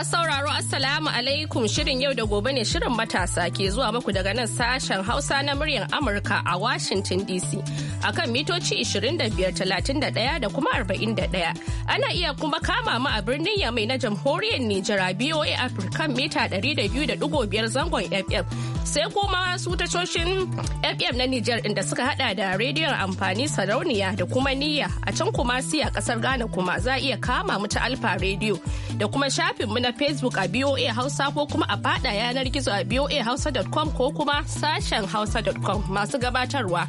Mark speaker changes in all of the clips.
Speaker 1: Masu sauraro Assalamu alaikum shirin yau da gobe ne shirin matasa ke zuwa muku daga nan sashen Hausa na muryar Amurka a Washington DC. akan mitoci 25,31 da kuma 41. Ana iya kuma kama mu a birnin Yamai na jamhuriyar a BOA Africa mita 200.5 zangon FM. Sai kuma su tashoshin FM na Nijar inda suka hada da rediyon amfani sarauniya da kuma niyya a can kuma siya kasar Ghana kuma za iya kama mu ta Alfa Radio da kuma shafinmu na Facebook a BOA Hausa ko kuma a fada yanar gizo a Hausa.com ko kuma sashen hausa.com masu gabatarwa.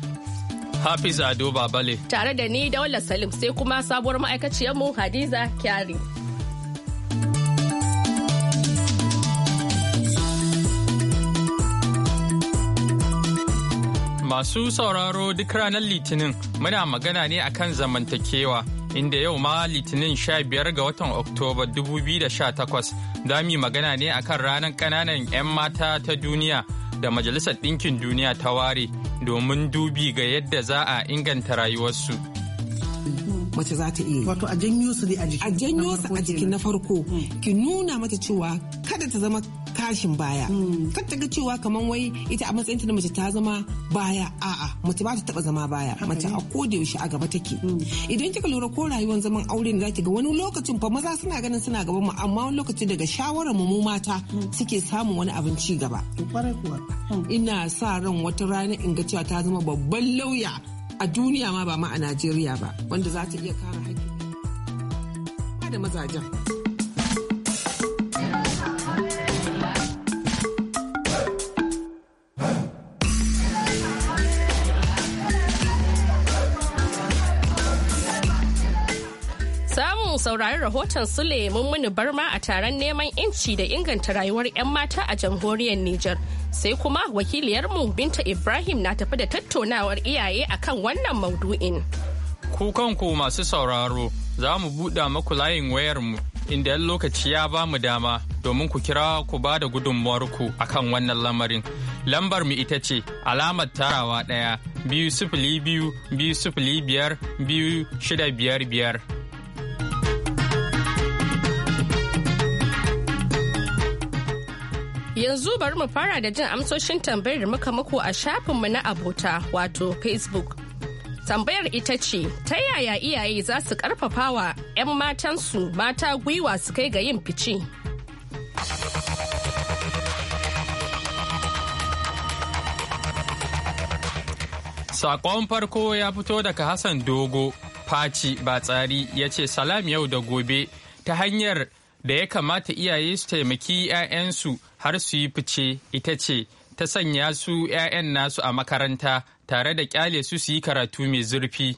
Speaker 2: Hafiz Ado Babale.
Speaker 1: Tare da ni Daula Salim sai kuma sabuwar ma'aikaciyarmu Hadiza Kyari.
Speaker 2: Masu sauraro duk ranar Litinin muna magana ne akan zamantakewa inda yau ma Litinin 15 ga watan Oktoba 2018 dami magana ne akan ranar ƙananan 'yan mata ta duniya da Majalisar Ɗinkin Duniya ta ware. domin dubi ga yadda za a inganta rayuwarsu.
Speaker 3: mace za ta iya wato a janyo su ne a a janyo su a jikin na farko ki nuna mata cewa kada ta zama kashin baya hmm. kar ta ga cewa kamar wai ita a matsayin ta na mace ta zama baya a'a mace ba ta taba zama baya mace a ko da yaushe a gaba take hmm. idan kika lura ko rayuwar zaman aure ne ki ga wani lokacin fa maza suna ganin suna gaban mu amma wani lokaci daga shawarar mu mata hmm. suke samun wani abin ci gaba ina sa ran wata rana in ga cewa ta zama babban lauya a duniya ma ba ma a Najeriya ba wanda za ta iya kare haƙƙi da mazajen.
Speaker 1: saurari rahoton Sule Mummuni Barma a taron neman inci da inganta rayuwar 'yan mata a jamhuriyar Nijar. Sai kuma wakiliyarmu Binta Ibrahim na tafi da tattaunawar iyaye akan wannan maudu'in.
Speaker 2: Ku kanku masu sauraro za mu buɗe maku layin wayarmu inda yan lokaci ya ba mu dama domin ku kira ku ba da gudunmuwarku akan wannan lamarin. Lambar mu ita ce alamar tarawa ɗaya biyu sifili biyu biyu sifili biyar biyu shida biyar biyar.
Speaker 1: yanzu bari mu fara da jin amsoshin tambayar da muka muku a shafinmu na abota wato Facebook. Tambayar ita ce, ta yaya iyaye za su karfafa wa 'yan matansu mata gwiwa su
Speaker 2: kai ga yin fice? Sakon farko ya fito daga Hassan Dogo, Faci Batsari ya ce salam yau da gobe ta hanyar da ya kamata iyaye su taimaki 'ya'yansu har su yi fice ita ce ta sanya su 'ya'yan nasu a makaranta tare da kyale su su yi karatu mai zurfi.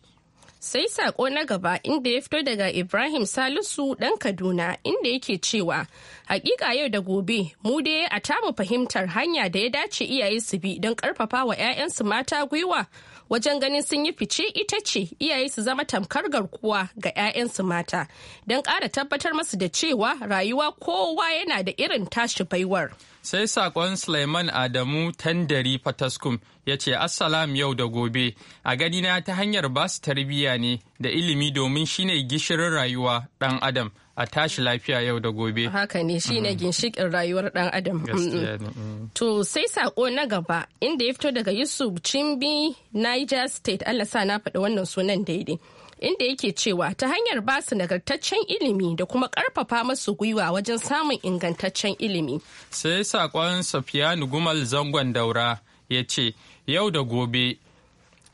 Speaker 1: Sai sako na gaba inda ya fito daga Ibrahim Salisu ɗan Kaduna inda yake cewa Hakika yau da gobe mu dai a tamu fahimtar hanya da ya dace iyaye su bi don karfafa wa 'ya'yansu mata gwiwa wajen ganin sun yi fice ita ce iyaye su zama tamkar garkuwa ga 'ya'yansu mata don ƙara tabbatar masu da cewa rayuwa kowa yana da irin tashi baiwar.
Speaker 2: sai sakon suleiman adamu tandari fataskum ya ce assalam yau da gobe a ganina ta hanyar basu tarbiyya ne da ilimi domin shine gishirin rayuwa ɗan adam a tashi lafiya yau da gobe.
Speaker 1: Haka ne shi ne ginshikin rayuwar ɗan adam. Mm. To sai sako na gaba inda ya fito daga Yusuf Chimbi Niger State Allah sa na faɗi wannan sunan daidai. Inda yake cewa ta hanyar ba su nagartaccen ilimi da kuma karfafa masu gwiwa wajen samun ingantaccen ilimi.
Speaker 2: Sai saƙon Safiyan Gumal Zangon Daura ya ce, Yau da gobe,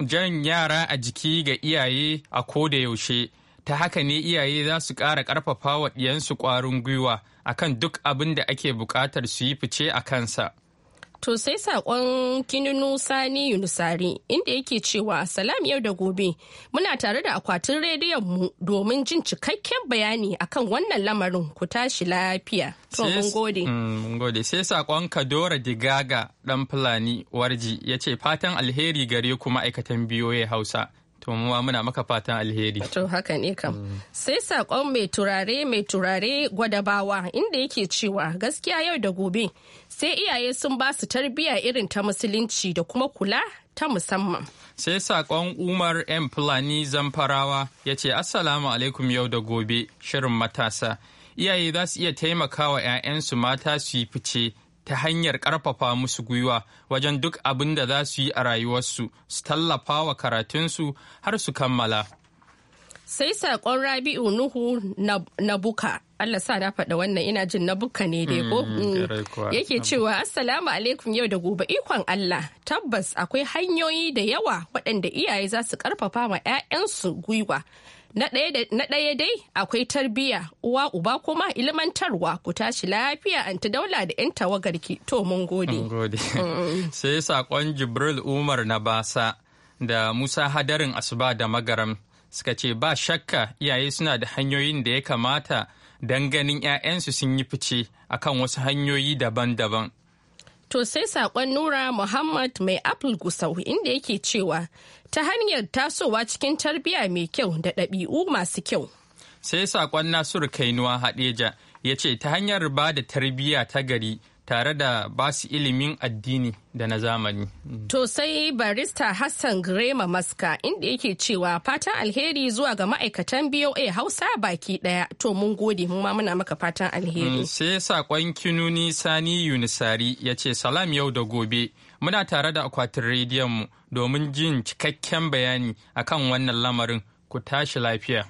Speaker 2: jan yara a jiki ga iyaye a ko da yaushe ta haka ne iyaye za su ƙara ƙarfafa wa ɗiyansu ƙwarin gwiwa akan duk abin da ake buƙatar su yi fice a kansa.
Speaker 1: To sai saƙon kininu Sani Yunusari inda yake cewa salam yau da gobe muna tare da akwatin rediyon mu domin jin cikakken bayani akan wannan lamarin ku tashi lafiya. To gode.
Speaker 2: Mm, gode. Sai saƙon Kadora Digaga ɗan Fulani Warji ya ce fatan alheri gare ku ma'aikatan ya Hausa. To muwa muna maka fatan alheri. To haka ne kam.
Speaker 1: Sai saƙon mai turare mai turare gwadabawa inda yake cewa gaskiya yau da gobe sai iyaye sun ba su tarbiyya irin ta musulunci da kuma kula ta musamman.
Speaker 2: Sai saƙon Umar M. Fulani Zamfarawa ya ce Assalamu alaikum yau da gobe shirin matasa. Iyaye za su iya taimakawa 'ya'yansu mata su yi fice ta hanyar ƙarfafa musu gwiwa wajen duk abin da za su yi a rayuwarsu su tallafa wa karatunsu har su kammala.
Speaker 1: Sai saƙon Rabi'u Nuhu na buka. Allah sa na faɗa wannan ina jin na bukka ne dai ko mm,
Speaker 2: mm. yake cewa
Speaker 1: assalamu alaikum yau da gobe ikon Allah tabbas akwai hanyoyi da yawa waɗanda iyaye za su ƙarfafa ma 'ya'yansu gwiwa Na ɗaya dai akwai tarbiyya uwa uba kuma ilmantarwa ku tashi lafiya an ta daula da 'yan tawagarki to mun gode.
Speaker 2: Sai saƙon Jibril Umar na basa da Musa Hadarin Asuba da Magaram suka ce ba shakka iyaye suna da hanyoyin da ya kamata don ganin 'ya'yansu sun yi fice akan wasu hanyoyi daban-daban.
Speaker 1: To sai saƙon Nura Muhammad mai Apple Gusau inda yake cewa ta hanyar tasowa cikin tarbiyya mai kyau da ɗabi'u masu kyau.
Speaker 2: Sai saƙon Nasiru Kainuwa Hadeja ya ce ta hanyar ba da tarbiyya ta gari tare da basu ilimin addini da na zamani. Mm.
Speaker 1: To sai barista Hassan Grema Maska inda yake cewa fatan alheri zuwa ga ma'aikatan BOA Hausa baki daya to mun gode mun ma muna maka fatan alheri. Mm,
Speaker 2: sai sakon kinuni Sani Yunisari ya ce salam yau da gobe muna tare da akwatin rediyon mu domin jin cikakken bayani akan wannan lamarin ku tashi lafiya.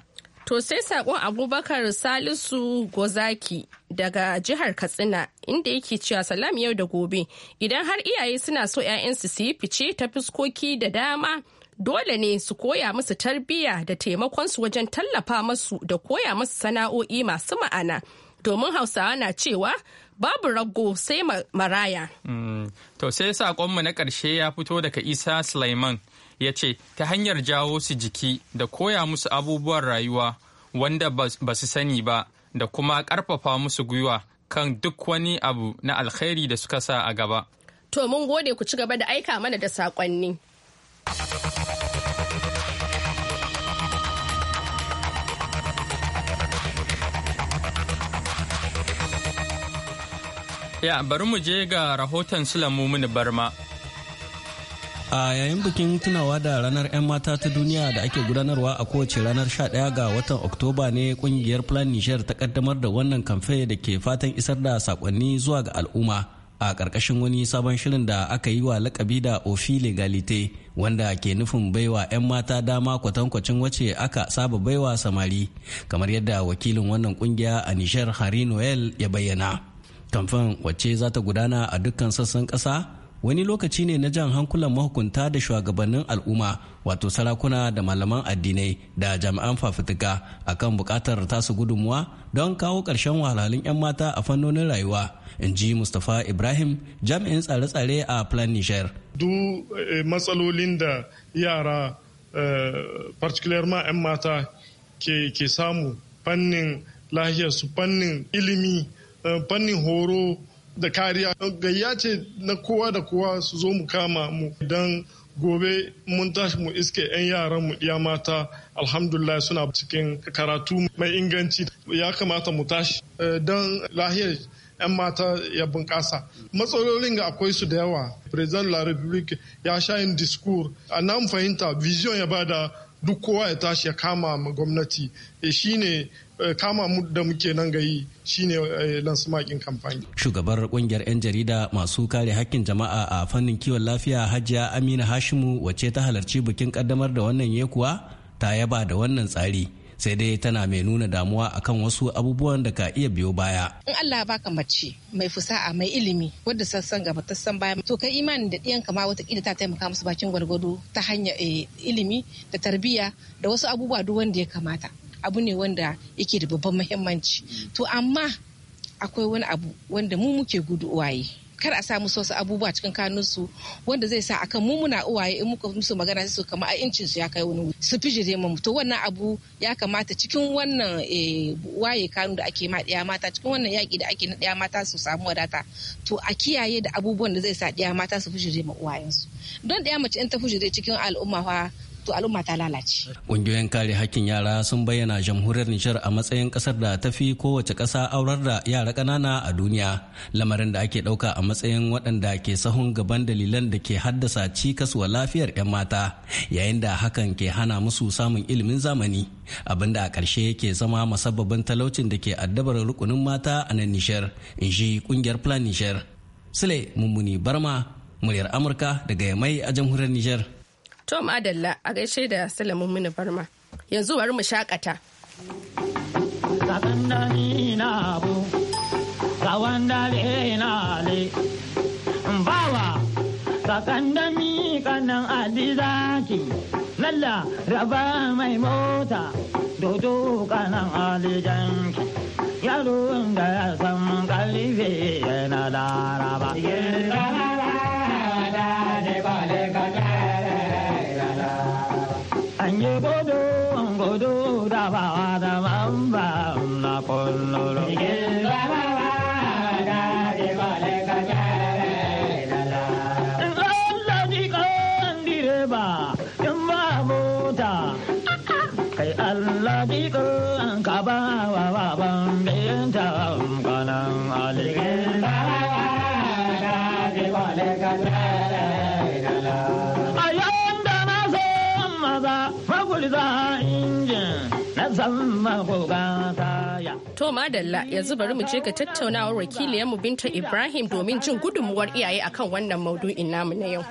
Speaker 1: To sai sakon Abubakar Salisu Gozaki daga jihar Katsina inda yake cewa salam yau da gobe idan har iyaye suna so 'ya'yansu su yi fice ta fuskoki da dama dole ne su koya musu tarbiyya da taimakon su wajen tallafa masu da koya musu sana'o'i masu ma'ana domin hausawa na cewa babu rago sai maraya.
Speaker 2: Mm, to sai saƙonmu na ƙarshe ya fito daga Isa Sulaiman ya ce ta hanyar jawo su jiki da koya musu abubuwan rayuwa wanda ba su sani ba da kuma ƙarfafa musu gwiwa kan duk wani abu na alkhairi da suka sa a gaba.
Speaker 1: To mun gode ku ci gaba da aika mana da saƙonni.
Speaker 2: Ya bari mu je ga rahoton Sulamu Barma.
Speaker 4: a yayin bikin tunawa da ranar 'yan mata ta duniya da ake gudanarwa a kowace ranar 11 ga watan oktoba ne kungiyar plan niger ta kaddamar da wannan kamfe da ke fatan isar da sakonni zuwa ga al'umma a ƙarƙashin wani sabon shirin da aka yi wa lakabi da ofi legalite wanda ke nufin baiwa 'yan mata dama kwatankwacin wace aka saba baiwa samari kamar yadda wakilin wannan kungiya a niger hari noel ya bayyana kamfen wacce za ta gudana a dukkan sassan ƙasa wani lokaci ne na jan hankulan mahukunta da shugabannin al'umma wato sarakuna da malaman addinai da jami'an fafutuka akan bukatar tasu gudunmuwa don kawo ƙarshen wahalhalun 'yan mata a fannonin rayuwa in ji mustapha ibrahim jami'in tsare-tsare a plan niger
Speaker 5: duk eh, matsalolin da yara eh, particularly 'yan mata ke samu fannin lahiyarsu fannin ilimi eh, fannin horo da kariya gayya ce na kowa da kowa su zo mu kama mu idan gobe mun tashi mu iske 'yan yaran mu Ya mata alhamdulillah suna cikin karatu mai inganci ya kamata mu tashi eh, don lahiyar 'yan mata ya bunƙasa matsalolin ga akwai su da yawa president la republic ya sha yin discours a nan fahimta vision ya bada duk kowa ya tashi ya kama gwamnati shi eh, shine eh, kama mu da muke nan gayi shine eh, lansumakin kamfani.
Speaker 4: Shugabar kungiyar 'yan jarida masu kare hakkin jama'a a fannin kiwon lafiya Hajiya Amina Hashimu wacce ta halarci bikin kaddamar da wannan yekuwa ta yaba da wannan tsari. sai dai tana mai nuna damuwa akan wasu abubuwan da ka iya biyo baya
Speaker 3: in Allah baka mace mai fusa'a mai ilimi wadda sassan gaba ta san baya to kai imanin da ɗiyan kama watakila ta taimaka musu bakin gwargwado ta hanyar eh, ilimi da tarbiyya da wasu abubuwa duk wanda ya kamata abu ne wanda yake da babban muhimmanci to amma akwai wani abu wanda mu muke gudu uwaye kar a sa musu wasu abubuwa cikin kanunsu wanda zai sa akan mu muna uwaye in muka musu magana su kama a incin su ya kai wani su fijire mu to wannan abu ya kamata cikin wannan eh, waye kanu da ake ma ɗaya mata cikin wannan yaƙi da ake na ɗaya mata su samu wadata to a kiyaye da abubuwan da zai sa ɗaya mata su fijire ma uwayensu don ɗaya mace in ta fijire cikin al'umma fa to al'umma ta lalace.
Speaker 4: Ƙungiyoyin kare hakkin yara sun bayyana jamhuriyar Nijar a matsayin ƙasar da ta fi kowace ƙasa aurar da yara ƙanana a duniya, lamarin da ake ɗauka a matsayin waɗanda ke sahun gaban dalilan da ke haddasa cikas wa lafiyar 'yan mata, yayin da hakan ke hana musu samun ilimin zamani, abin da a ƙarshe ke zama masababin talaucin da ke addabar rukunin mata a nan Nijar, in ji ƙungiyar Plan Nijar. Sule Mummuni Barma, muryar Amurka daga Yamai a jamhuriyar Nijar.
Speaker 1: Tom Adalla a gaishe da salamu Mini Barma. Yanzu bari mu shakata.
Speaker 6: Bawa, sakandami kanan Zaki lalla raba mai mota, dodo
Speaker 7: kanan alijanki,
Speaker 6: yaron da ya san karfe yana laraba. Anyi godo, an godo, da ba
Speaker 5: na kololo. Ike
Speaker 6: ba ba ba da la. ba, mota, kai Allah
Speaker 8: za
Speaker 4: injin
Speaker 1: na zama
Speaker 8: bukata
Speaker 4: ya.
Speaker 1: To Madalla yanzu bari mu je ga tattaunawar wakiliyarmu Binta Ibrahim domin jin gudunmuwar iyaye akan wannan maudu'in namu na yau.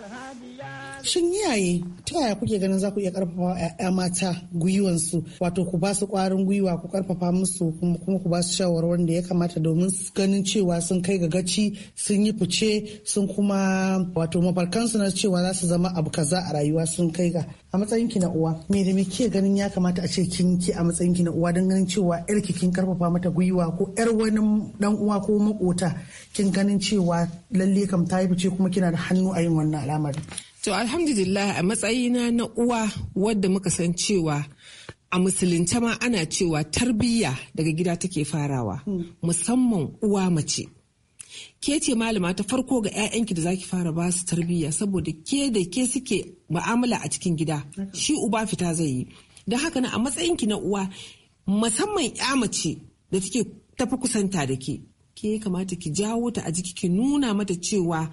Speaker 6: Shin iyaye ta yaya kuke ganin za ku iya karfafa 'ya'ya mata gwiwansu wato ku ba su kwarin gwiwa ku karfafa musu kuma ku ba su shawarwarin da ya kamata domin ganin cewa sun kai ga gaci sun yi fice sun kuma wato mafarkansu na cewa za su zama abu kaza a rayuwa sun kai ga a matsayin ki na uwa me da muke ganin ya kamata a ce kin ki a matsayin ki na uwa don ganin cewa yar ki kin karfafa mata gwiwa ko yar
Speaker 3: wani dan uwa ko makota kin ganin cewa lalle kam ta yi fice kuma kina da hannu a yin wannan alamar. To alhamdulillah a matsayina na uwa wadda muka san cewa a musulunta ma ana cewa tarbiyya daga gida take farawa musamman uwa mace. Ke ce malama ta farko ga 'ya'yanki da zaki fara ba su tarbiyya saboda ke da ke suke ma'amala a cikin gida shi uba fita zai yi. Don haka na a matsayinki na uwa musamman 'ya mace da take tafi kusanta da ke. Ke kamata ki jawo ta a jiki ki nuna mata cewa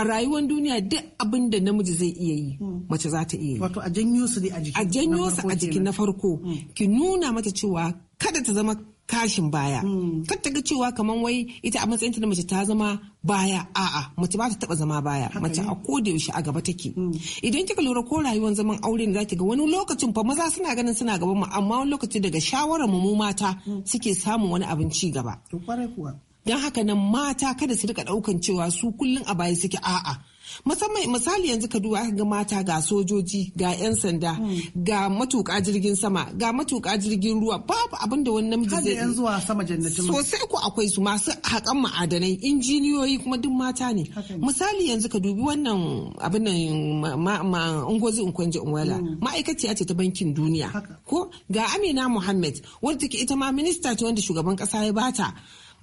Speaker 3: a rayuwar duniya duk abin da namiji zai iya yi hmm. mace za ta iya yi wato a janyo su ne a A janyo su a jikin na farko hmm. ki nuna mata cewa kada ta zama kashin baya hmm. kar ta ga cewa kamar wai ita a matsayin ta mace ta zama baya a'a mace ba ta taba zama baya mace a koda yaushe a gaba take idan kika lura ko rayuwar zaman aure ne ki ga wani lokacin fa maza suna ganin suna gaban mu amma wani lokaci daga shawarar mu mata suke samun wani abin ci gaba don haka nan mata kada su rika daukan cewa su kullum a baya suke a'a musamman misali yanzu ka duba ga mata ga sojoji ga 'yan sanda hmm. ga matuƙa jirgin sama ga matuƙa jirgin ruwa babu abin da wannan namiji zai yanzu a sama jannatin sosai ko akwai su masu haƙan ma'adanai injiniyoyi kuma duk mata ne misali yanzu ka dubi wannan abin nan ungozi unkwanje unwala hmm. ma'aikaciya ce ta bankin duniya ko ga amina muhammad wanda take ita ma minista ce wanda shugaban ƙasa ya bata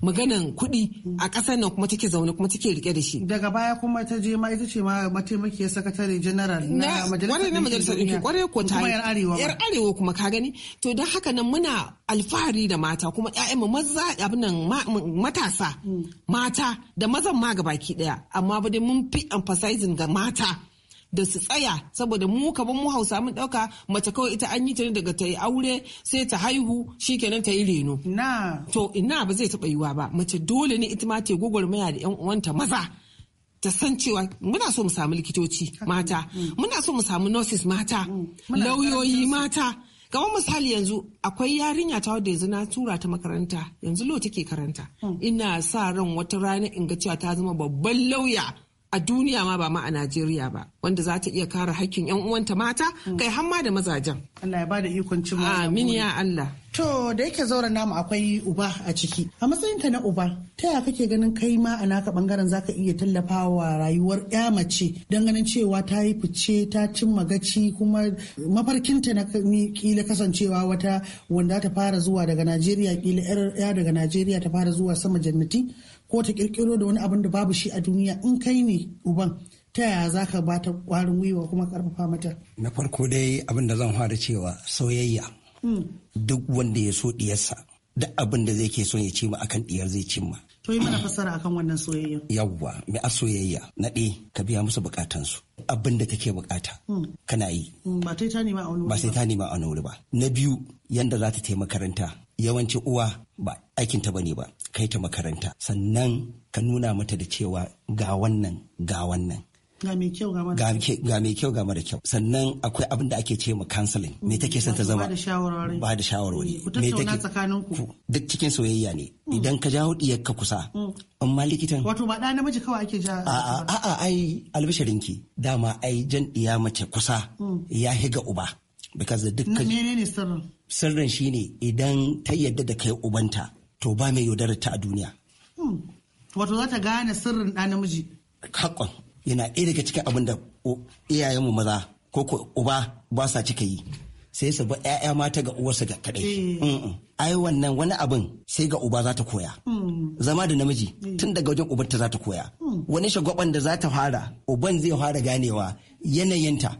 Speaker 3: maganan kuɗi a ƙasar nan kuma take zaune kuma take rike da shi. Daga baya kuma ta je ma ita ce
Speaker 6: ma mataimakiyar sakatare general na majalisar na majalisar ɗinki kwarai ko ta yar arewa yar
Speaker 3: arewa kuma ka gani to don haka nan muna alfahari da mata kuma ƴaƴan mu maza abin nan matasa mm. mata da mazan ma gabaki ɗaya amma ba dai mun fi emphasizing ga mata. da su tsaya saboda mu kamar mu hausa mun ɗauka mace kawai ita an yi ta daga ta yi aure sai ta haihu shikenan ta yi reno na to ina ba zai taba yiwa ba mace dole ne ita ma ta gwagwarmaya da yan uwanta maza ta san cewa muna so mu samu likitoci mata mm. muna so mu samu nurses mata mm. lauyoyi mata kamar misali yanzu akwai yarinya ta wadda yanzu na tura ta makaranta yanzu lo take karanta mm. ina sa ran wata rana in ga cewa ta zama babban lauya a duniya ma ba ma a Najeriya ba wanda za ta iya kare hakkin 'yan uwanta mata mm. kai hamma da mazajen. Allah ya bada ikon cin Amin ya Allah. To da yake zauren namu akwai uba a ciki. A matsayin
Speaker 6: ta na uba, ta yaya kake ganin kai ma a naka bangaren zaka iya tallafawa rayuwar ya mace don ganin cewa ta yi fice ta cin magaci kuma mafarkinta na kila kasancewa wata wanda ta fara zuwa daga Najeriya kila 'yar daga Najeriya ta fara zuwa sama jannati. ko ta kirkiro da wani abin da babu shi a duniya in kai ne uban ta yaya za ka bata kwarin gwiwa kuma karfafa mata
Speaker 7: na farko dai abin da zan fara cewa soyayya hmm. duk wanda ya so diyarsa duk abin da zai ke son ya cimma akan diyar zai cimma
Speaker 6: to yi mana fasara akan wannan soyayya
Speaker 7: yawwa mai a soyayya na ɗaya ka biya musu bukatansu abin da take bukata hmm. kana yi
Speaker 6: hmm, ba sai ta nema a wani ba sai ta
Speaker 7: nema a wani ba na biyu yanda za ta taimaka yawanci uwa ba aikinta bane ba kai ta makaranta sannan ka nuna mata da cewa ga wannan ga wannan ga mai kyau ga mara kyau sannan akwai abin da ake ce ma counseling me take son ta zama ba da shawarwari me
Speaker 6: take
Speaker 7: duk cikin soyayya ne mm. idan ka jawo ka kusa mm. amma likitan wato ba da namiji kawai ake ja a a a ai albisharinki dama ai jan diya mace kusa mm. ya higa uba because da dukkan menene sirrin sirrin shine idan ta yadda da kai ubanta to ba mai yaudarar ta a duniya. Hmm. Wato za ta gane sirrin ɗa namiji. Hakon yana ɗaya daga cikin abin da iyayenmu maza ko ko uba ba sa cika yi. Sai su ba 'ya'ya mata ga uwarsa ga kaɗai. Eh. Ai wannan wani abin sai ga uba za ta koya. Hmm. Zama da namiji eh. tun daga wajen ubanta za ta koya. Hmm. Wani shagwaban da za ta fara uban zai fara ganewa yanayinta.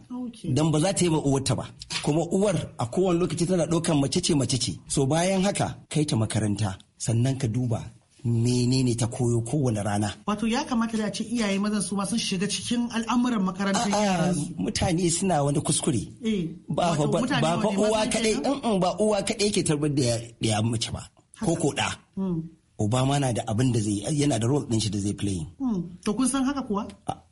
Speaker 7: don ba za ta yi ma uwarta ba kuma uwar a kowane lokaci tana ɗaukan mace ce mace ce so bayan haka kai ta makaranta sannan ka duba menene ta koyo kowane rana.
Speaker 6: Wato ya kamata da a ce iyaye mazan su sun shiga cikin
Speaker 7: al'amuran makarantar yaransu. Mutane suna wani kuskure. Eh, ba fa uwa kadai ba uwa kadai ke tarbar da ya mace ba. Ko ko da. Obama mm. na da abin da zai yana da role din shi da zai playing.
Speaker 6: Mm. To kun san haka kuwa?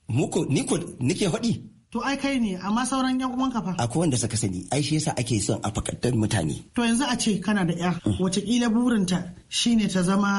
Speaker 7: Muko ni ko nike faɗi.
Speaker 6: To ai kai ne amma sauran yan uwanka fa.
Speaker 7: Akwai wanda suka sani ai shi yasa ake son a fakaddan mutane.
Speaker 6: To yanzu a ce kana da ya kila mm. burinta shine ta zama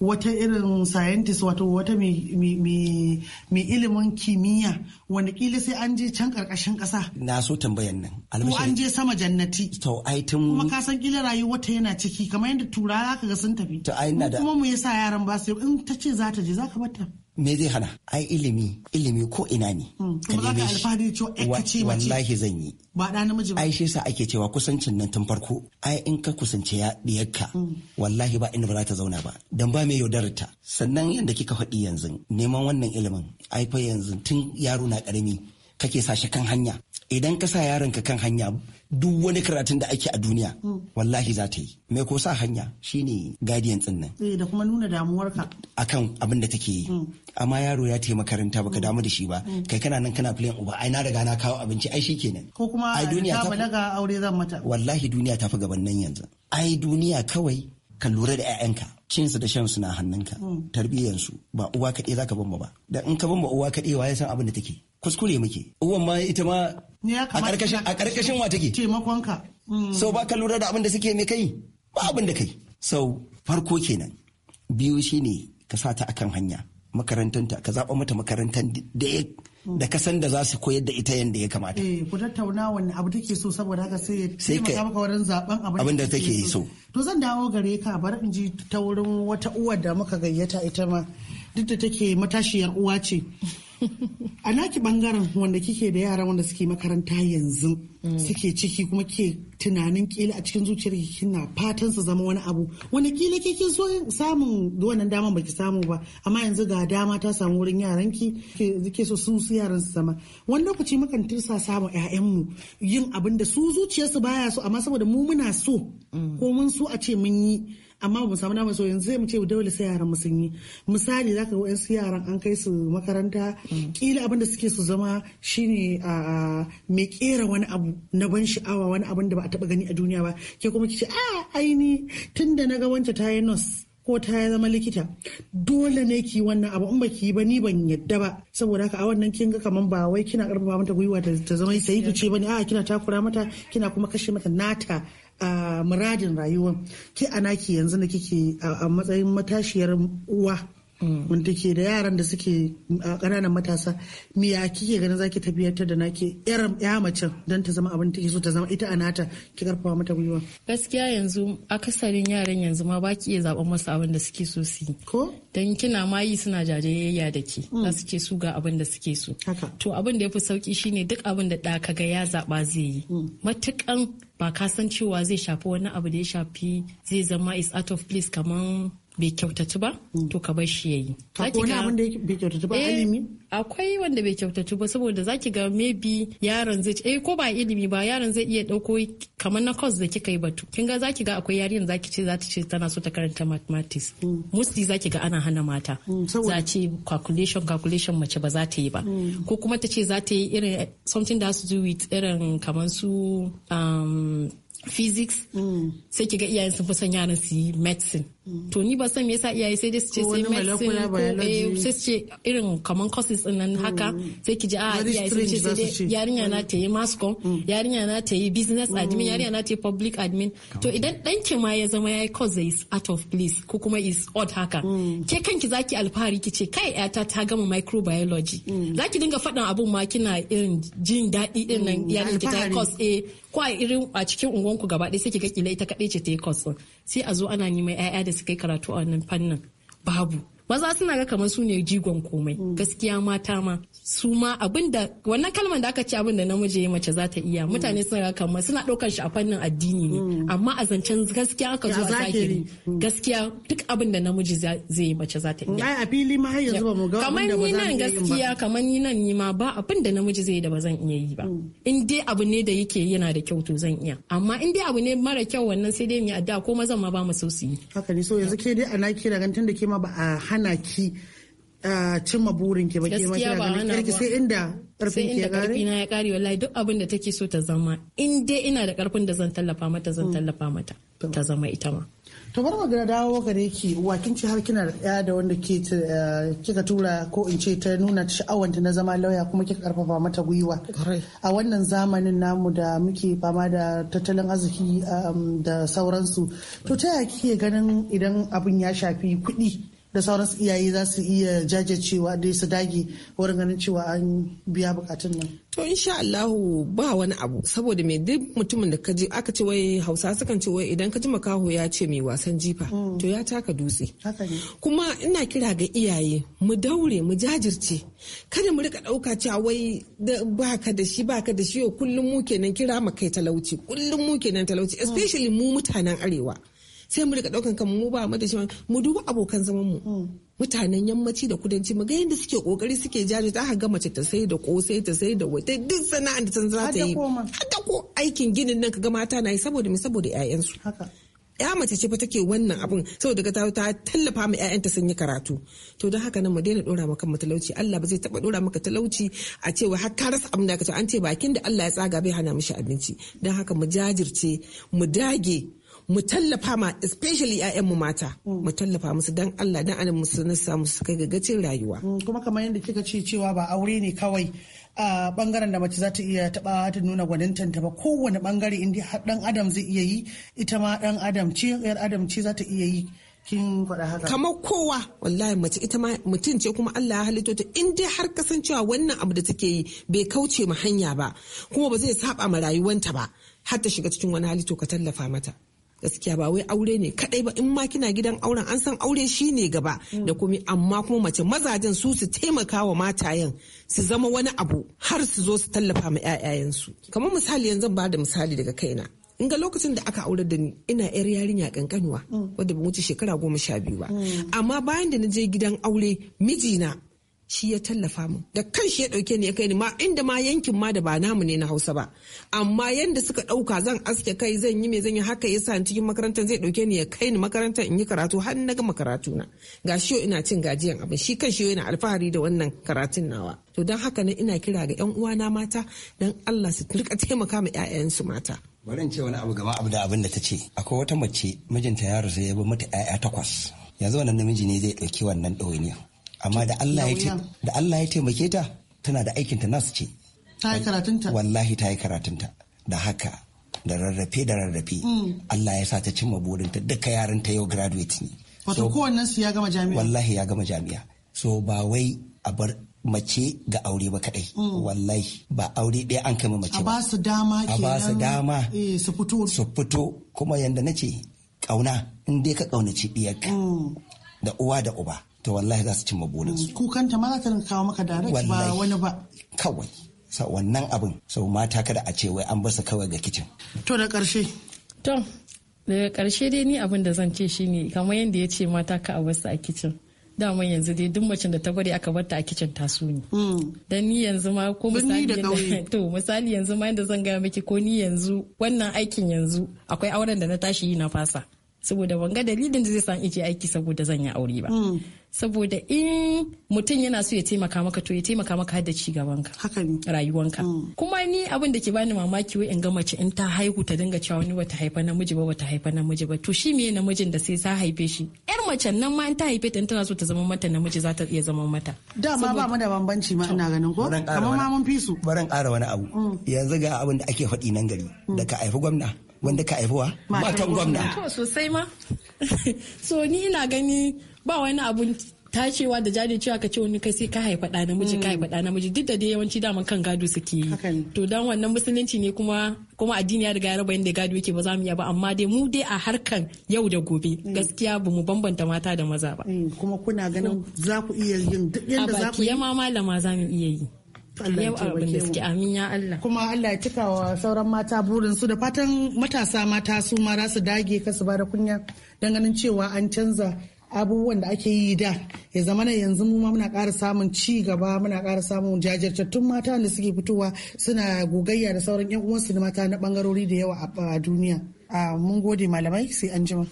Speaker 6: wata irin scientist wato wata mai ilimin kimiyya wanda kila sai an je can karkashin kasa.
Speaker 7: Na so tambayan nan. Ko an je sama jannati. To ai tun. Kuma ka
Speaker 6: san kila rayuwar ta yana ciki kamar yadda turawa ka ga sun tafi. To ai na da. Kuma mu yasa yaran ba su in ta ce za ta je za ka bata.
Speaker 7: me zai hana ai ilimi ilimi ko ina ne
Speaker 6: hmm, kuma ka alfahari cewa ce wallahi zan yi ba da namiji ba ai
Speaker 7: shi yasa ake cewa kusancin nan tun farko ai in ka kusance ya diyarka hmm. wallahi ba inda ba za ta zauna ba dan ba mai yaudarar ta sannan yadda kika faɗi yanzu neman wannan ilimin ai fa yanzu tun yaro na ƙarami. kake sa shi kan hanya idan ka sa yaron ka kan hanya duk wani karatun da ake a duniya wallahi za ta yi mai ko sa hanya shine Gadiyan din nan
Speaker 6: eh, da kuma nuna damuwarka
Speaker 7: akan abin da take yi mm. amma yaro ya taimaka makaranta baka mm. damu da shi ba mm. kai kana nan kana filan uba ai na riga na kawo abinci ai shikenan ko kuma ai duniya ta balaga
Speaker 6: aure zan mata
Speaker 7: wallahi duniya ta fi gaban nan yanzu ai duniya kawai ka lura da 'ya'yanka su da shan su na hannunka tarbiyyansu ba uwa kaɗai zaka ban ba da in ka ban uwa kaɗai wa ya san abin da take kuskure muke uwan ma ita ma a ƙarƙashin wa take taimakonka mm. sau ba ka lura da abin da suke me kai ba abin da kai Sau farko kenan biyu shine ka sa ta akan hanya makarantanta ka zaɓa mata makarantar da ya
Speaker 6: mm. da
Speaker 7: kasan da za su koyar da ita yadda ya kamata.
Speaker 6: Eh, ku tattauna wani abu take so saboda haka sai sai ka maka wurin zaben abin da take so. To zan dawo gare ka bar in ji ta wurin wata uwa da muka gayyata ita ma duk da take matashiyar uwa ce. a naki bangaren wanda kike da yara wanda suke makaranta yanzu mm. suke ciki kuma ke tunanin kila a cikin zuciyar kina fatan su zama wani abu wani kila ke kin so samun wannan daman baki samu ba amma yanzu ga dama ta samu wurin yaran ki kike so su su yaran su zama wani lokaci mukan tirsa samu mu yin abin da su zuciyarsu baya so amma saboda mu muna so mm. ko mun so a ce mun yi amma ba mu samu dama so yanzu zai mu ce dole sai yaran mu sun yi misali za ka ga su yaran an kai su makaranta mm. kila abin da suke su zama shine a me kera wani abu na ban sha'awa wani abin da ba a taba gani a duniya ba ke kuma ce a ah, aini tunda ga wancan ta yi nurse ko ta yi zama likita dole ne ki wannan abu in ba ki ba ni ban yadda ba saboda haka a wannan kin ga kaman ba wai kina karfafa mata gwiwa ta zama sai ki ce bane a ah, kina takura mata kina kuma kashe mata nata a muradin rayuwa ke anaki yanzu da kike a matsayin matashiyar uwa mm. wanda ke da yaran da suke ƙananan matasa miya kike ganin zaki tabbatar da nake yar ya macen don ta zama abin take so ta zama ita anata ki
Speaker 8: karfafa mata gwiwa gaskiya yanzu akasarin yaran yanzu ma baki iya zaben masu abin da suke so su ko dan kina ma suna jajayayya da ke mm. za su ce su ga abin da suke so to abin da yafi sauki shine duk abin da ɗa ga ya zaba zai yi mm. matukan ba ka san cewa zai shafi wani abu da ya shafi zai zama is out of place kaman bai kyautatu ba mm. to ka bar shi yayi akwai wanda bai kyautatu ba eh, ilimi akwai wanda bai kyautatu ba saboda zaki ga maybe yaron zai eh ko ba ilimi ba yaron zai iya dauko kamar na course da kika yi batu kin ga zaki ga akwai yarin zaki ce zata ce tana so ta karanta mathematics mm. mostly zaki ga ana hana mata mm, za ce calculation calculation mace ba za ta yi ba ko kuma ta ce za ta yi irin something that has to do with irin kamar su um, physics sai sai ga iyayen sun fi son yaran su yi medicine Mm. to ni ba san me yasa iyaye sai dai su ce sai medicine ko eh sai su ce irin kaman courses din nan haka mm. sai ki ji a ah, iyaye sai ce sai dai yarinya na ta yi mass com mm. yarinya na ta yi business admin yarinya na ta yi public admin to idan ki ma ya zama yayi course is out of place ko kuma is odd haka ke kanki zaki alfahari ki ce kai yata ta gama microbiology zaki dinga faɗin abun ma kina irin jin daɗi din nan yarinya ki ta course a eh, ko a irin a cikin unguwanku gaba ɗaya sai ki ga kila ita kaɗai ce ta yi course sai a zo ana neman 'ya'ya da suka yi karatu a wannan fannin babu maza suna ga kamar su ne jigon komai mm. gaskiya mata ma su ma abinda da wannan kalmar da aka ce abinda da namiji ya mace za ta iya mm. mutane suna ga kamar suna ɗaukar shi a fannin addini ne mm. amma a zancen gaskiya aka zo a zahiri gaskiya duk abinda da namiji zai yi mace za ta iya a fili ma har yanzu ba mu ga kamar ni nan gaskiya kamar ni nan ni ma ba abinda da namiji zai yi da ba zan iya yi ba in dai abu ne da yake yana da kyau to zan iya amma in dai abu ne mara kyau wannan sai dai mu yi addu'a ko mazan ma ba mu so su yi haka ne so yanzu ke dai ana kira gantan da
Speaker 6: ke ma ba a hana ki cimma burin ki ba ke ma kina ganin kirki sai inda
Speaker 8: karfin ki ya kare sai inda ya kare wallahi duk abin da take so ta zama in dai ina da karfin da zan tallafa mata zan hmm. tallafa mata ta zama ita ma
Speaker 6: to bar magana dawo gare ki wakin ce har kina da da wanda ke kika tura ko in ce ta nuna sha'awanta na zama lauya kuma kika karfafa mata gwiwa a wannan zamanin namu da muke fama da tattalin arziki um, da sauransu to ta yaya kike ganin idan abin ya shafi kuɗi da sauran iyaye za su iya jajircewa dai su dage wurin ganin cewa an biya bukatun nan.
Speaker 3: To insha Allahu ba wani abu saboda me duk mutumin da kaji aka ce wai Hausa sukan ce wai idan ji makaho ya ce mai wasan jifa mm. to ya taka dutse. Kuma ina kira ga iyaye mu daure mu jajirce kada mu rika dauka cewa wai baka da shi baka da shi kullum mu kenan kira mu kai talauci kullum mu kenan talauci mm. especially mu mutanen arewa. sai mu rika daukan kanmu mu ba mu da shi mu duba abokan zaman mu mm. mutanen yammaci da kudanci mu ga yadda suke kokari suke jaje ta ga mace ta sai da kosai ta sai da wata duk sana'a da san za ta yi hada ko aikin ginin nan kaga mata na yi saboda me saboda ƴaƴansu ya mace ce fa take wannan abun saboda ga ta tallafa ma ta sun yi karatu to don haka nan mu daina dora maka mu talauci Allah ba zai taba dora maka talauci a cewa har ka rasa abin da ka ce an ce bakin da Allah ya tsaga bai hana mishi abinci don haka mu jajirce mu dage mu tallafa ma especially ƴaƴanmu mata mm. mu tallafa musu dan Allah dan adam musu na samu su kai gagacin rayuwa mm, kuma kamar yadda kika ce cewa ba aure ne kawai
Speaker 6: a bangaren da mace za ta iya taba ta nuna gwanin ba kowane bangare inda dan adam zai iya yi ita ma dan adam ce yar adam ce za ta iya yi kin faɗa
Speaker 3: haka kamar kowa wallahi mace ita ma mutum ce kuma Allah ya halitto ta in dai har kasancewa wannan abu da take yi bai kauce ma hanya ba kuma ba zai saba ma rayuwanta ba har ta shiga cikin wani hali to ka tallafa mata gaskiya ba wai aure ne kadai ba in ma kina gidan auren an san aure shine gaba da kuma amma kuma mace mazajen su su taimaka wa matayen su zama wani abu har su zo su tallafa ma 'ya'yayensu kamar misali yanzu ba da misali daga kaina in ga lokacin da aka aure da ni ina yar yarinya kankanuwa wadda ban wuce shekara goma sha biyu ba mm. amma bayan da na je gidan aure mijina shi ya tallafa mu da kan shi ya dauke ni ya kai ni ma inda ma yankin ma da ba namu ne na Hausa ba amma yanda suka dauka zan aske kai zan yi me zan yi haka yasa ni cikin makarantar zai dauke ni ya kai ni makarantar in yi karatu har na gama karatu na gashi yo ina cin gajiyan abin shi kan shi yana alfahari da wannan karatun nawa to dan haka ne ina kira ga yan uwana mata dan Allah su rika taimaka ma 'ya'yansu mata
Speaker 7: bari in ce wani abu gaba abu da abin da ta ce akwai wata mace mijinta ya rasu ya bar mata ƴaƴa takwas yanzu wannan namiji ne zai dauki wannan ɗawainiya amma da Allah ya da Allah ya taimake ta tana da aikin ta nasu ce ta yi karatunta wallahi ta yi karatunta da haka da rarrafe da rarrafe mm. Allah ya sa ta cimma burinta duka yaran ta yau graduate ne wato wannan su ya gama jami'a wallahi ya gama jami'a so ba wai a bar mace ga aure ba kadai mm. wallahi ba aure ɗaya an kama mace ba a ba
Speaker 6: su dama a ba su dama
Speaker 7: eh, su fito su fito kuma yanda nace kauna in dai ka kaunaci ɗiyarka mm. da uwa da uba to wallahi za su cimma su.
Speaker 6: Kukanta ma za ta kawo maka direct ba wani
Speaker 7: ba. Kawai. sa wannan abin sau mata kada a ce wai an basa kawai ga kicin.
Speaker 8: To da ƙarshe. To daga ƙarshe dai ni abin da zan ce shine kamar yadda ya ce mata ka a wasu a kicin. dama yanzu dai duk macen da ta bari aka barta a kicin su ne. Mm. Dan ni yanzu ma ko misali to misali yanzu ma yadda zan gaya miki ko ni yanzu wannan aikin yanzu akwai auren da na tashi yi na fasa. saboda wanga dalilin da zai san ije aiki saboda zan yi aure ba hmm. saboda in mutum yana so ya taimaka maka to ya taimaka maka da ci gabanka rayuwanka hmm. kuma ni abin da ke bani mamaki wai in ga mace in ta haihu ta dinga cewa wani bata haifa namiji ba bata haifa namiji ba to shi meye namijin da sai ta haife shi yar mace nan ma in ta haife ta tana so ta zama mata namiji za ta iya zama mata ma ba mu da bambanci ma ina ganin ko
Speaker 7: kamar ma mun fi su baran ƙara wani abu hmm. yanzu ga abin da ake faɗi nan gari da ka haifi gwamna wanda ka haifuwa matan gwamna
Speaker 8: sosai ma so ni ina gani ba wani abun tashewa da jajircewa ka ce wani kai sai ka haifa ɗa namiji ka haifa ɗa namiji duk da dai yawanci daman kan gado suke yi to dan wannan musulunci ne kuma kuma addini ya riga ya raba yadda gado yake ba za mu iya ba amma dai mu dai a harkan yau da gobe mm. gaskiya ba mu bambanta mata da maza ba mm,
Speaker 6: kuma kuna ganin
Speaker 8: za ku iya yin duk yadda za ku yi a baki ma malama za mu iya yi yau
Speaker 6: suke amin Allah kuma Allah ya cika wa sauran mata burin su da fatan matasa mata su ma su dage kasu su kunya don ganin cewa an canza abubuwan da ake yi da ya zama na yanzu mu ma muna ƙara samun ci gaba muna ƙara samun jajirtattun mata da suke fitowa suna gogayya da sauran 'yan uwansu da mata na bangarori da yawa a duniya mun gode malamai sai an jima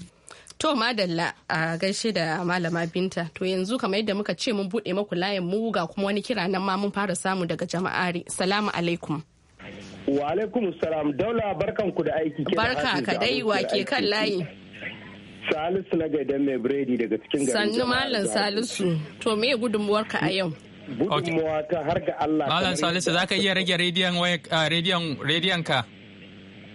Speaker 1: To madalla a gaishe da malama binta to yanzu kamar yadda muka ce mun buɗe maku layin mu ga kuma wani kira nan ma mun fara samu daga jama'ari salamu alaikum.
Speaker 5: Wa alaikum salam daula barkan ku da aiki. Barka ka dai wa ke kan layi. Salisu na gaidan mai biredi daga cikin garin Sannu malam Salisu
Speaker 1: to me gudunmuwar ka a yau?
Speaker 5: Gudunmuwa ta har ga Allah. Malam Salisu za ka iya
Speaker 2: rage rediyon ka?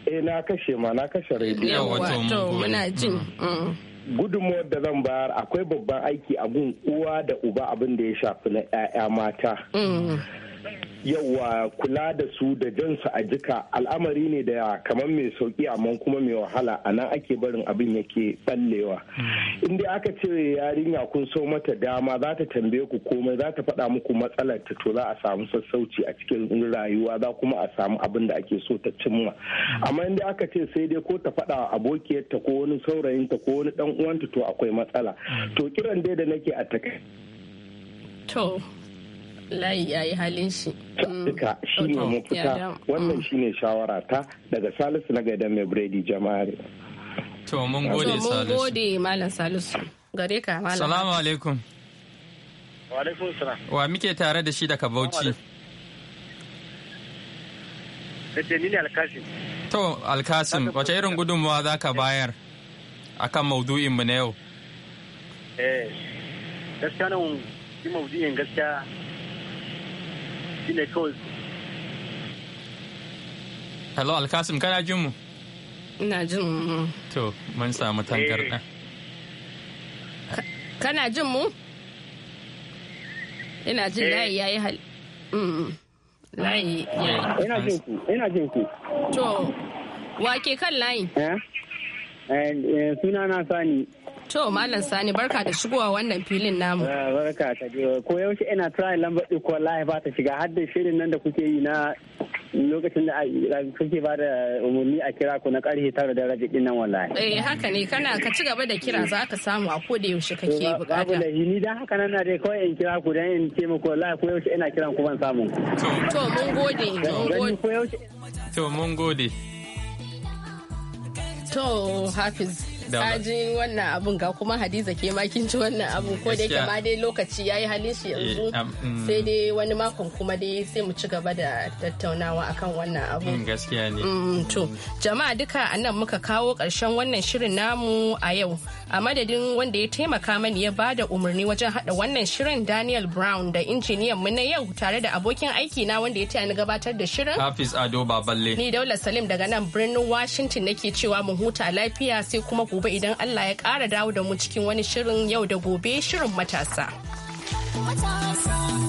Speaker 2: eh na kashe ma na kashe
Speaker 5: rediyo wato muna jin mm. Mm. gudunmuwar da zan bayar akwai babban aiki a gun uwa da uba abin da ya shafi na 'ya'ya mata mm. yawa kula da su da jansu a jika al'amari ne da kamar mai sauki amma kuma mai wahala a nan ake barin abin yake ballewa hmm. in dai aka ce yarinya kun so mata dama za ta tambaye ku komai za ta faɗa muku matsalar ta to za a samu sassauci a cikin rayuwa za kuma a samu abin da ake so ta cimma hmm. amma in dai aka ce sai dai ko ta faɗa abokiyarta ko wani saurayinta ko wani dan uwanta to akwai matsala hmm. to kiran dai da nake a take
Speaker 1: layi ya yi halin shi duka
Speaker 5: mm. shi ne mafita wannan mm. shi ne shawara ta daga salisu na gaidan mai biredi jama'ar
Speaker 2: to mun gode salisu
Speaker 1: gode malam salisu gare ka malam salamu
Speaker 2: alaikum wa alaikum salam wa muke tare da shi daga bauchi
Speaker 5: kace ne alkasim
Speaker 2: to alkasim wace irin gudunmawa za ka bayar a kan maudu'in mu na yau
Speaker 5: eh gaskiya nan shi maudu'in gaskiya shine kawai
Speaker 2: hello alkasim kana jin mu ina
Speaker 1: jin mu
Speaker 2: to mun samu tangarda
Speaker 1: kana jin mu ina jin eh. layi yayi hal layi ina jin
Speaker 5: ku ina jin ku
Speaker 1: to wa ke kan layi eh,
Speaker 4: eh, eh suna na sani
Speaker 1: To Malam Sani barka da shigowa wannan
Speaker 4: filin namu. Ah, barka ta ko yaushe ina try lambar ko wallahi ba ta shiga har da shirin nan da kuke yi na lokacin da kuke ba da umarni a kira ku na ƙarfe tara da rabi ɗin nan wallahi.
Speaker 1: Eh haka ne kana ka ci gaba da kira za
Speaker 4: ka samu a ko da yaushe kake bukata. Babu da ni dan haka nan na dai kawai in kira ku dan in ce muku wallahi ko yaushe ina kiran ku ban samu.
Speaker 1: To mun gode mun
Speaker 2: gode. To mun gode.
Speaker 1: To Hafiz. tsaji wannan abun ga kuma hadiza ke makin ci wannan abun ko da yake ma dai lokaci yayi halin shi eh, yanzu mm. sai dai wani makon kuma dai sai mu ci gaba da tattaunawa akan wannan abun mm, gaskiya ne mm, to jama'a duka anan muka kawo karshen wannan shirin namu a yau a madadin wanda ya taimaka mani ya bada umarni wajen hada wannan shirin Daniel Brown da injiniyan mu na yau tare da abokin aiki na wanda ya taya ni gabatar da shirin
Speaker 2: Hafiz Ado Baballe ni
Speaker 1: Daula Salim daga nan birnin Washington nake cewa mu huta lafiya sai kuma ku gobe idan Allah ya ƙara dawo da mu cikin wani shirin yau da gobe shirin matasa.
Speaker 4: matasa.